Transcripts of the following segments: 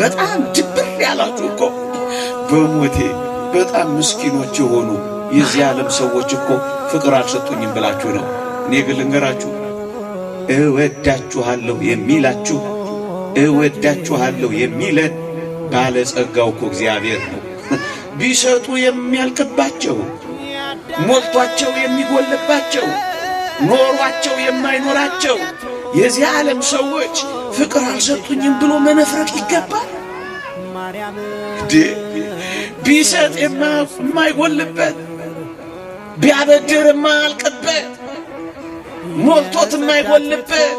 በጣም ድብር ያላችሁ እኮ በሞቴ በጣም ምስኪኖች የሆኑ የዚህ ዓለም ሰዎች እኮ ፍቅር አልሰጡኝም ብላችሁ ነው። እኔ ግን ልንገራችሁ፣ እወዳችኋለሁ የሚላችሁ እወዳችኋለሁ የሚለን ባለጸጋው እኮ እግዚአብሔር ነው። ቢሰጡ የሚያልቅባቸው፣ ሞልቷቸው የሚጎልባቸው፣ ኖሯቸው የማይኖራቸው የዚህ ዓለም ሰዎች ፍቅር አልሰጡኝም ብሎ መነፍረቅ ይገባል እንዴ? ቢሰጥ የማይጎልበት ቢያበድር የማያልቅበት ሞልቶት የማይጎልበት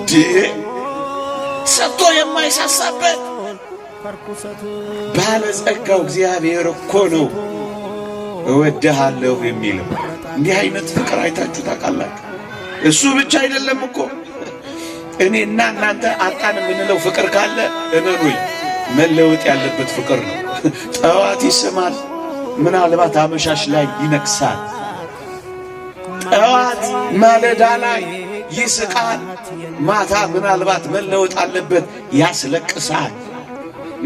እንዴ? ሰጥቶ የማይሳሳበት ባለጸጋው እግዚአብሔር እኮ ነው እወድሃለሁ የሚለው። እንዲህ አይነት ፍቅር አይታችሁ ታውቃላችሁ? እሱ ብቻ አይደለም እኮ እኔና እናንተ አጣን የምንለው ፍቅር ካለ እመኑኝ መለወጥ ያለበት ፍቅር ነው። ጠዋት ይስማል፣ ምናልባት አመሻሽ ላይ ይነግሳል። ጠዋት ማለዳ ላይ ይስቃል፣ ማታ ምናልባት መለወጥ አለበት ያስለቅሳል።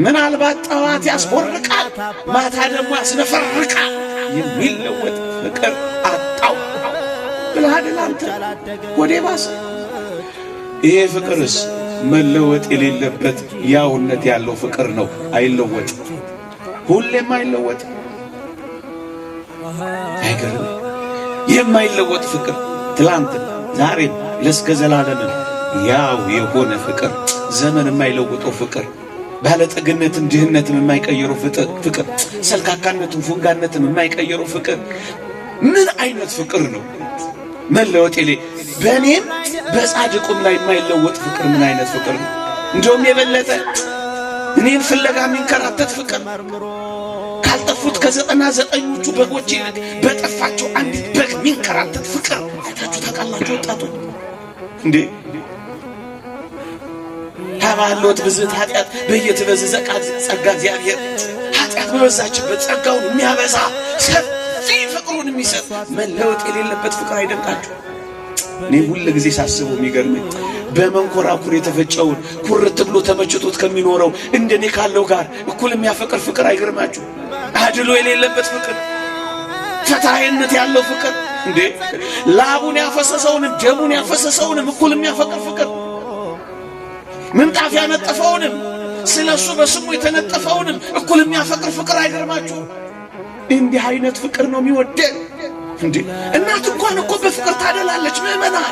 ምናልባት ጠዋት ያስቦርቃል፣ ማታ ደግሞ ያስነፈርቃል። የሚለወጥ ፍቅር አይደል? አንተ ወደ ባሰ ይሄ ፍቅርስ መለወጥ የሌለበት ያውነት ያለው ፍቅር ነው። አይለወጥ፣ ሁሌም አይለወጥ። አይገርም! የማይለወጥ ፍቅር ትላንት፣ ዛሬም ለእስከ ዘላለም ያው የሆነ ፍቅር፣ ዘመን የማይለውጠው ፍቅር፣ ባለጠግነትን ድህነትን የማይቀየረው ፍቅር፣ ሰልካካነትን ፉንጋነትን የማይቀየረው ፍቅር ምን አይነት ፍቅር ነው? መለወጥ የሌ በእኔም በጻድቁም ላይ የማይለወጥ ፍቅር ምን አይነት ፍቅር ነው? እንዲሁም የበለጠ እኔን ፍለጋ የሚንከራተት ፍቅር ካልጠፉት ከዘጠና ዘጠኞቹ በጎች ይልቅ በጠፋቸው አንዲት በግ የሚንከራተት ፍቅር አይታችሁ ታውቃላችሁ? ወጣቱ እንዴ ተባሎት ብዝት ኃጢአት በየትበዝ ዘቃት ጸጋ እግዚአብሔር ኃጢአት በበዛችበት ጸጋውን የሚያበዛ ሰብ ሁሉን የሚሰጥ መለወጥ የሌለበት ፍቅር አይደንቃችሁ? እኔ ሁል ጊዜ ሳስበው የሚገርመኝ በመንኮራኩር የተፈጨውን ኩርት ብሎ ተመችቶት ከሚኖረው እንደኔ ካለው ጋር እኩል የሚያፈቅር ፍቅር አይገርማችሁ? አድሎ የሌለበት ፍቅር፣ ፈታይነት ያለው ፍቅር እንዴ! ላቡን ያፈሰሰውንም ደሙን ያፈሰሰውንም እኩል የሚያፈቅር ፍቅር ምንጣፍ ያነጠፈውንም ስለ እሱ በስሙ የተነጠፈውንም እኩል የሚያፈቅር ፍቅር አይገርማችሁ? እንዲህ አይነት ፍቅር ነው የሚወደን። እንዴ እናት እንኳን እኮ በፍቅር ታደላለች። ምእመናን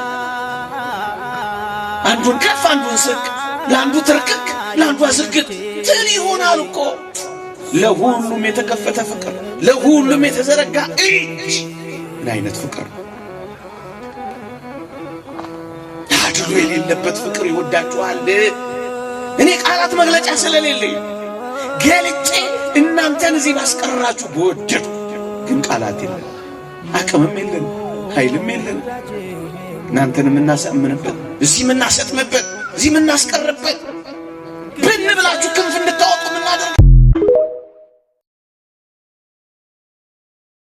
አንዱን ከፍ አንዱን ዝቅ፣ ለአንዱ ትርክክ ለአንዱ ዝግት ትል ይሆናል እኮ ለሁሉም የተከፈተ ፍቅር፣ ለሁሉም የተዘረጋ እጅ። ምን አይነት ፍቅር ታድሎ የሌለበት ፍቅር ይወዳችኋል። እኔ ቃላት መግለጫ ስለሌለኝ ገልጬ እናንተን እዚህ ባስቀራችሁ በወደዱ ግን ቃላት የለን፣ አቅምም የለን፣ ኃይልም የለን። እናንተን የምናሰምንበት እዚህ የምናሰጥምበት እዚህ የምናስቀርበት